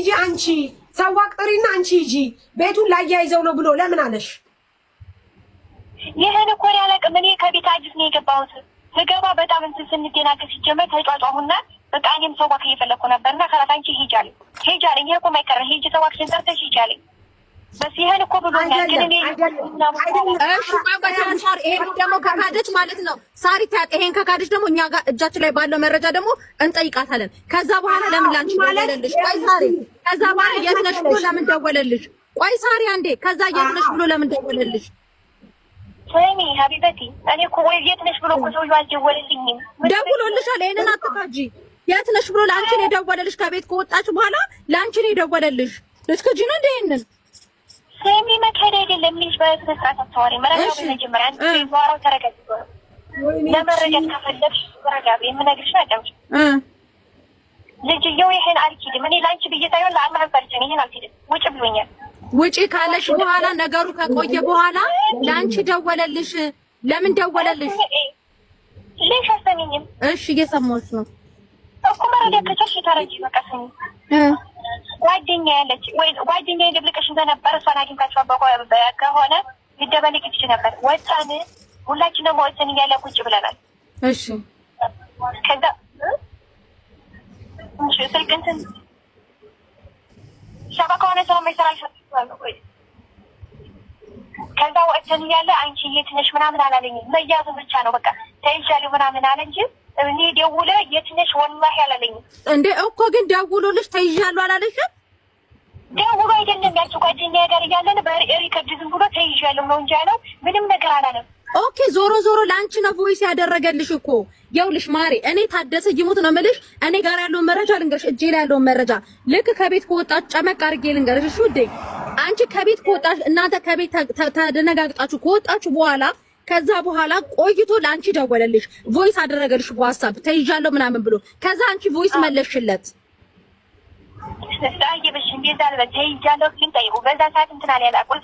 ሂጂ አንቺ ሰው ጥሪና አንቺ ሂጂ ቤቱን ላያይዘው ነው ብሎ ለምን አለሽ? ይህን እኮ አላውቅም እኔ ከቤት አዲስ ነው የገባሁት። ስገባ በጣም እንትን ስንደናገር ሲጀመር ተጫጫሁና በቃ እኔም ሰዋክ እየፈለግኩ ነበርና ከላት አንቺ ሂጂ አለኝ ሂጂ አለኝ። ይሄ እኮ የማይቀር ሂጂ ሰው ጠርተሽ ሂጂ አለኝ ይሄን ደግሞ ከካደች ማለት ነው ሳሪ ይሄን ከካደች ደግሞ እኛ ጋር እጃችን ላይ ባለው መረጃ ደግሞ እንጠይቃታለን። ከዛ በኋላ ለምን ላንቺ ደወለልሽ? ቆይ ሳሪ፣ ከዛ በኋላ የት ነሽ ብሎ ለምን ደወለልሽ? ቆይ ሳሪ አንዴ፣ ከዛ የት ነሽ ብሎ ለምን ደወለልሽ? ሰሚ ሀቢበቲ፣ እኔ እኮ ወይ የት ነሽ ብሎ እኮ ሰውዬው አልደወለልኝም። ደውሎልሻል። ይሄንን የት ነሽ ብሎ ለአንቺ ነው የደወለልሽ። ከቤት ከወጣች በኋላ ለአንቺ ነው የደወለልሽ። ልትክጂ ነው እንደ ይሄንን ስሚ መካሄድ አይደለም ልጅ በስነ ስርዓት አስተዋሪ መረጋ በመጀመሪያ አንድ ዋራው ተረጋግ ለመረዳት ከፈለግሽ ተረጋ የምነግርሽ አዳምጪ ልጅየው ይህን አልኪድም እኔ ለአንቺ ብዬ ሳይሆን ለአላህ ፈርጀን ይህን አልኪድም ውጭ ብሎኛል ውጪ ካለሽ በኋላ ነገሩ ከቆየ በኋላ ለአንቺ ደወለልሽ ለምን ደወለልሽ ልሽ አሰሚኝም እሺ እየሰማሁሽ ነው እኮ መረዳት ከቻልሽ ተረጂ በቃ ስሚ ጓደኛ ያለች ወይ ጓደኛ ደብልቀሽ እንደነበር እሷን አግኝታችሁ ከሆነ ሊደበልቅ ትች ነበር። ወጣን፣ ሁላችን ደግሞ ወጥን እያለ ቁጭ ብለናል። እሺ ከዛ ስልክ እንትን ሸባ ከሆነ ስለማይሰራ ከዛ ወጥን እያለ አንቺ የት ነሽ ምናምን አላለኝም። መያዙ ብቻ ነው በቃ ተይዣለሁ ምናምን አለ እንጂ እኔ ደውለ የት ነሽ ወላሂ አላለኝም እንዴ እኮ ግን ደውሎልሽ ተይዣለሁ አላለሽም ደውሎ አይደለም ያቸው ጓደኛ ጋር እያለን በሪከርድ ዝም ብሎ ተይዣለሁ ነው እንጂ ያለው ምንም ነገር አላለም ኦኬ ዞሮ ዞሮ ለአንቺ ነው ቮይስ ያደረገልሽ እኮ የውልሽ ማሪ እኔ ታደሰ ይሙት ነው የምልሽ እኔ ጋር ያለውን መረጃ ልንገርሽ እጄ ላይ ያለውን መረጃ ልክ ከቤት ከወጣች ጨመቅ አድርጌ ልንገርሽ እሺ ውዴ አንቺ ከቤት ከወጣች እናንተ ከቤት ተደነጋግጣችሁ ከወጣችሁ በኋላ ከዛ በኋላ ቆይቶ ለአንቺ ደወለልሽ፣ ቮይስ አደረገልሽ በዋትሳፕ ተይዣለሁ ምናምን ብሎ። ከዛ አንቺ ቮይስ መለሽለት። አየበሽ እንደዛ አልበል ተይዣለሁ ሲል ጠይቁ። በዛ ሰዓት እንትን ቁልፍ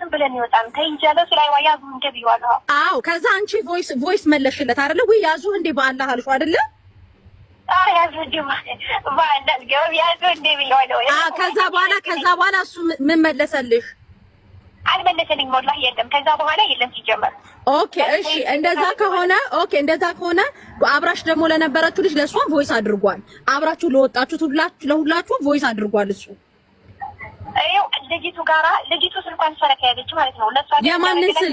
ዝም ብለን ተይዣለሁ ሲል አይዋ ያዙ እንደ ብዬዋለሁ። አዎ ከዛ አንቺ ቮይስ ቮይስ መለሽለት ወይ? ያዙ እንዴ በአላህ ከዛ በኋላ ከዛ በኋላ እሱ ምን መለሰልሽ? የመለሰልኝ ሞላ የለም። ከዛ በኋላ የለም ሲጀመር። ኦኬ እሺ፣ እንደዛ ከሆነ ኦኬ፣ እንደዛ ከሆነ አብራሽ ደግሞ ለነበረችው ልጅ ለእሷ ቮይስ አድርጓል። አብራችሁ ለወጣችሁት ሁላችሁ ለሁላችሁ ቮይስ አድርጓል እሱ ይኸው ልጅቱ ጋራ ልጅቱ ስልኳን ሰረክ ያለች ማለት ነው። ለሷ የማንን ስል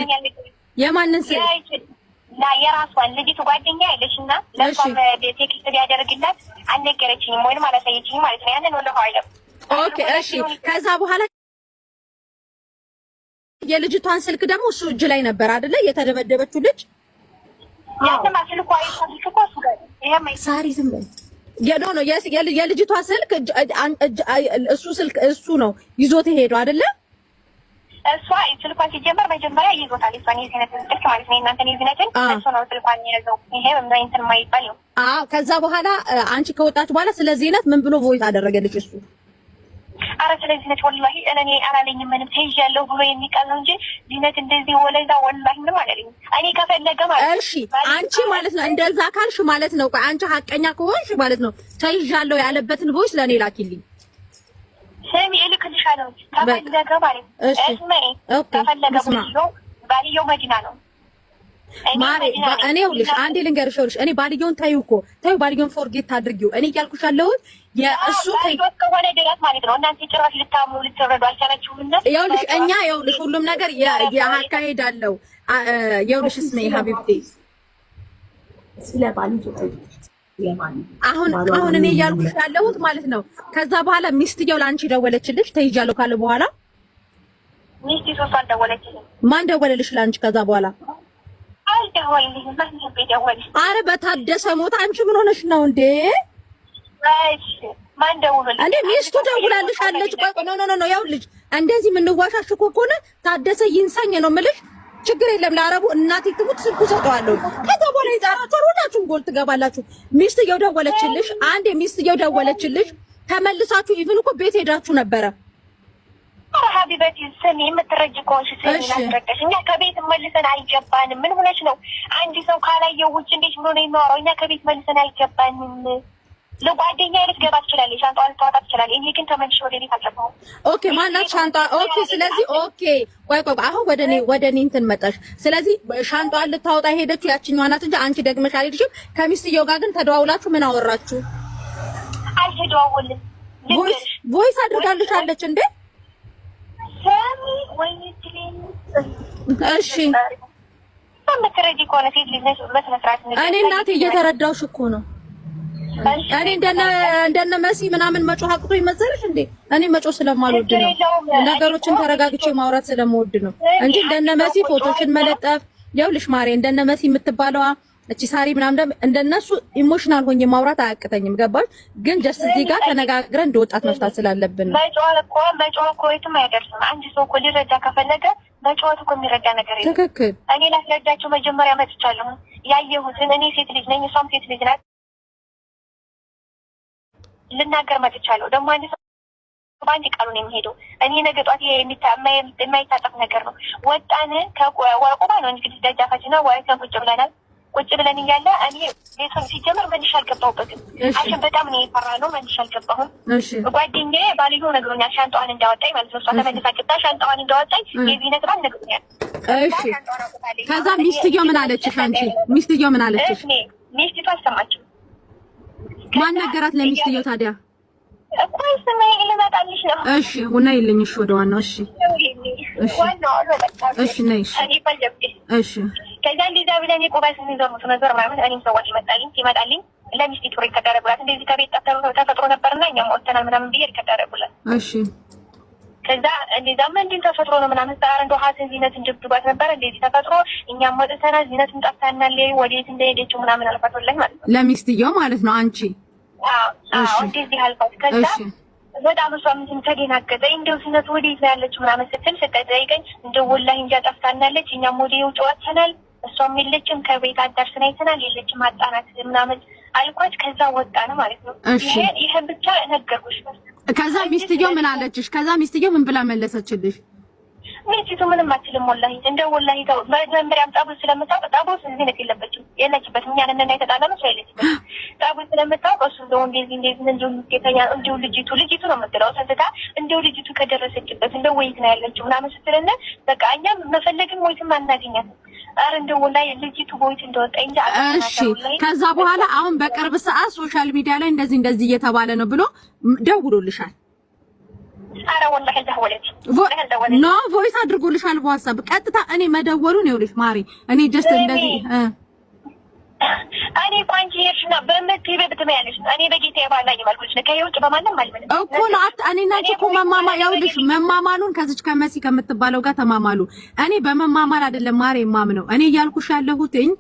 የማንን ስል ና የራሷን ልጅቱ ጓደኛ ያለችና ለሷ ቴክስት ሊያደርግላት አልነገረችኝም ወይንም አላሳየችኝም ማለት ነው። ያንን ወለሁ አይለም ኦኬ እሺ። ከዛ በኋላ የልጅቷን ስልክ ደግሞ እሱ እጅ ላይ ነበር አይደለ? የተደበደበችው ልጅ ሳሪ ዝም ነው የልጅቷ ስልክ እሱ ስልክ እሱ ነው ይዞት ሄዱ አይደለ? እሷ ስልኳን ሲጀመር መጀመሪያ ይዞታል። ስልክ ማለት ነው። እሱ ነው ስልኳን የያዘው። ይሄ የማይባል ነው። ከዛ በኋላ አንቺ ከወጣች በኋላ ስለዚህ ነት ምን ብሎ ቮይስ አደረገልሽ እሱ አረ ስለዚህ ነች ወላሂ እኔ አላለኝም ምንም ያለው ብሎ የሚቀል ነው እንጂ ዚነት እንደዚህ ወለዛ ወላሂ ምንም አላለኝም። እኔ ከፈለገ ማለት እሺ፣ አንቺ ማለት ነው እንደዛ ካልሽ ማለት ነው አንቺ ሀቀኛ ከሆንሽ ማለት ነው ተይዣለሁ ያለበትን ቮይስ ለእኔ ላኪልኝ። ስሚ እልክልሻለሁ። ከፈለገ ማለት ነው ከፈለገ ባልየው መዲና ነው ማሬ እኔ ይኸውልሽ አንዴ ልንገርሽ፣ ይኸውልሽ እኔ ባልየውን ታዩ እኮ ታዩ ባልየውን ፎርጌት አድርጊው። እኔ እያልኩሽ ያለሁት የእሱ ከሆነ ድረስ ማለት ነው። እናንተ ጭራሽ ልታሙ ልትረዱ አልቻላችሁም። ይኸውልሽ እኛ ይኸውልሽ ሁሉም ነገር የአካሄድ አለው። ይኸውልሽ እስሜ ሀቢብቴ አሁን አሁን እኔ እያልኩሽ ያለሁት ማለት ነው። ከዛ በኋላ ሚስትየው ለአንቺ ደወለችልሽ ተይዣለሁ ካለ በኋላ ሚስት ሶስት አልደወለችልም። ማን ደወለልሽ ለአንቺ ከዛ በኋላ አረ በታደሰ ሞት አንቺ ምን ሆነሽ ነው እንዴ? እንዴ ሚስቱ ደውላልሽ አለች። ቆይ ኖ ኖ ኖ ያው ልጅ እንደዚህ የምንዋሻሽ እኮ ከሆነ ታደሰ ይንሳኝ ነው የምልሽ። ችግር የለም ለአረቡ እናቴ ትሙት ስልኩ ሰጠዋለሁ። ከዛ በኋላ ይዛራችሁ ሁላችሁም ጎል ትገባላችሁ። ሚስትየው ደወለችልሽ አንዴ፣ ሚስትየው ደወለችልሽ ተመልሳችሁ ኢቭን እኮ ቤት ሄዳችሁ ነበረ ፍቅር ሀቢበት ስሚ፣ የምትረጅ ከሆንሽ ስሚ ናስረቀሽ። እኛ ከቤት መልሰን አይገባንም። ምን ሆነች ነው? አንድ ሰው ካላየው ውጭ እንዴት ብሎ ነው የሚያወራው? እኛ ከቤት መልሰን አይገባንም። ለጓደኛ ገባ ትችላለች፣ ሻንጣዋን ልታወጣ ትችላለች። እኔ ግን ተመልሼ ወደ ቤት አልገባሁም። ኦኬ፣ ማናት ሻንጣ? ኦኬ፣ ስለዚህ ኦኬ፣ ቆይ ቆይ፣ አሁን ወደ እኔ ወደ እኔ እንትን መጣሽ። ስለዚህ ሻንጣዋን ልታወጣ ሄደችው ያችኛዋ ናት እንጂ አንቺ ደግመሽ አልሄድሽም። ከሚስትየው ጋር ግን ተደዋውላችሁ ምን አወራችሁ? አልተደዋወልም። ቮይስ ቮይስ አድርጋልሻለች እንዴ? እሺ እኔ እናቴ እየተረዳሁሽ እኮ ነው። እኔ እንደነ መሲ ምናምን መጮህ አቅቶ መሰለሽ እንዴ? እኔ መጮህ ስለማልወድ ነው፣ ነገሮችን ተረጋግቼ ማውራት ስለምወድ ነው እንጂ እንደነ መሲ ፎቶሽን መለጠፍ ይኸውልሽ ማሬ እንደነ መሲ የምትባለዋ እቺ ሳሪ ምናምን እንደነሱ ኢሞሽናል ሆኜ ማውራት አያቅተኝም። ገባሽ? ግን ጀስት እዚህ ጋር ተነጋግረን እንደ ወጣት መፍታት ስላለብን ነው። በጨዋል እኮ በጨዋል እኮ የትም አይደርስም። አንድ ሰው እኮ ሊረዳ ከፈለገ በጨዋት እኮ የሚረዳ ነገር የለም። ትክክል። እኔ ላስረዳቸው መጀመሪያ መጥቻለሁ። ያየሁትን እኔ ሴት ልጅ ነኝ፣ እሷም ሴት ልጅ ናት። ልናገር መጥቻለሁ። ደግሞ አንድ ሰው በአንድ ቃሉ ነው የሚሄደው እኔ ነገ ጧት የማይታጠፍ ነገር ነው። ወጣን ከቁባ ነው እንግዲህ ነው ዋይተን ቁጭ ብለናል። ቁጭ ብለን እያለ እኔ ቤቱን ሲጀምር መንሽ አልገባሁበትም። አሽን በጣም ነው የፈራ ነው መንሽ አልገባሁም። ጓደኛዬ ባልዩ ነግሮኛል፣ ሻንጣዋን እንዳወጣኝ ማለት ነው። እሷ ተመልሳ ገብታ ሻንጣዋን እንዳወጣኝ የቢ ነግሯል፣ ነግሮኛል። እሺ፣ ከዛ ሚስትየው ምን አለች? አንቺ? ሚስትየው ምን አለች? ሚስቲቱ አልሰማችም። ማን ነገራት ለሚስትየው ታዲያ? እኮ ስማ ልመጣልሽ ነው። እሺ፣ ሁና የለኝ። እሺ፣ ወደ ዋናው። እሺ፣ እሺ፣ እሺ፣ ነይ። እሺ፣ እሺ ሁና ይልኝሽ ወደ ዋናው እሺ እሺ እሺ ነይ እሺ እሺ ከዛ እንደዛ ብለን የቆባይ ስንዘርሙት ነበር ምናምን እኔም ሰዎች ይመጣልኝ ይመጣልኝ ለሚስት ቱር ይከዳረጉላት እንደዚህ ከቤት ተፈጥሮ ነበርና እኛም ወጥተናል ምናምን ብዬ ይከዳረጉላት። እሺ ከዛ እንደዛ እንዲን ተፈጥሮ ነው ምናምን ጻር እንደ ሀሰን ዚነት እንድብጓት ነበር እንደዚህ ተፈጥሮ እኛም ወጥተናል። ዚነት እንጠፍታናል ወዴት እንደሄደችው ምናምን አልፋቶለኝ ማለት ነው ለሚስትየው ማለት ነው አንቺ እንደዚህ አልፋት ከዛ በጣም እሷ ምንም ተደናገጠ። እንደው ዚነት ወዴት ነው ያለችው ምናምን ስትል ስጠይቀኝ እንደ ወላሂ እንጃ ጠፍታናለች እኛም ውጭ ጨዋተናል እሷም የለችም ከቤት አዳርስ ነው አይተናል። የለችም አጣናት ምናምን አልኳት። ከዛ ወጣ ነው ማለት ነው። ይሄ ብቻ ነገርኩሽ። ከዛ ሚስትየው ምን አለችሽ? ከዛ ሚስትየው ምን ብላ መለሰችልሽ? ሚኒቲቱ ምንም አችልም። ወላሂ እንደ ወላሂ ታው መጀመሪያም ጣቡ ስለምታውቅ ጣቡ እዚህ ነው የለበችም የለችበት እኛ ነን የተጣላ ነው ሰው የለችበት ጣቡ ስለምታውቅ እሱ እንደው እንደዚህ እንደዚህ እንደው ምትከኛ እንደው ልጅቱ ልጅቱ ነው የምትለው ሰንተታ እንደው ልጅቱ ከደረሰችበት እንደው ወይት ነው ያለችው ምናምን ስትልነ በቃ እኛ መፈለግም ወይትም አናገኛትም። ኧረ እንደው ወላሂ ልጅቱ ወይት እንደወጣ እንጂ እሺ። ከዛ በኋላ አሁን በቅርብ ሰዓት ሶሻል ሚዲያ ላይ እንደዚህ እንደዚህ እየተባለ ነው ብሎ ደውሎልሻል። ኖ ቮይስ አድርጎልሻል በዋትሳፕ ቀጥታ እኔ መደወሉን ይኸውልሽ ማሪ እኔ ጀስት እንደዚህ እኔ እኮ ሄድሽና በምትሄድ ብትመ ያለሽ እኔ በጌታ የባላኝ ማልኩልሽ ነው። ከውጭ በማንም አልመለ እኮ ነው አት እኔ እና እኮ መማማ ያውልሽ መማማሉን ከዚች ከመሲ ከምትባለው ጋር ተማማሉ። እኔ በመማማል አይደለም ማሬ ማም እኔ እያልኩሽ ያለሁትኝ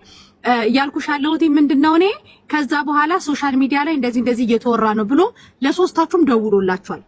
እያልኩሽ ያለሁት ምንድን እኔ ከዛ በኋላ ሶሻል ሚዲያ ላይ እንደዚህ እንደዚህ እየተወራ ነው ብሎ ለሶስታችሁም ደውሎላችኋል።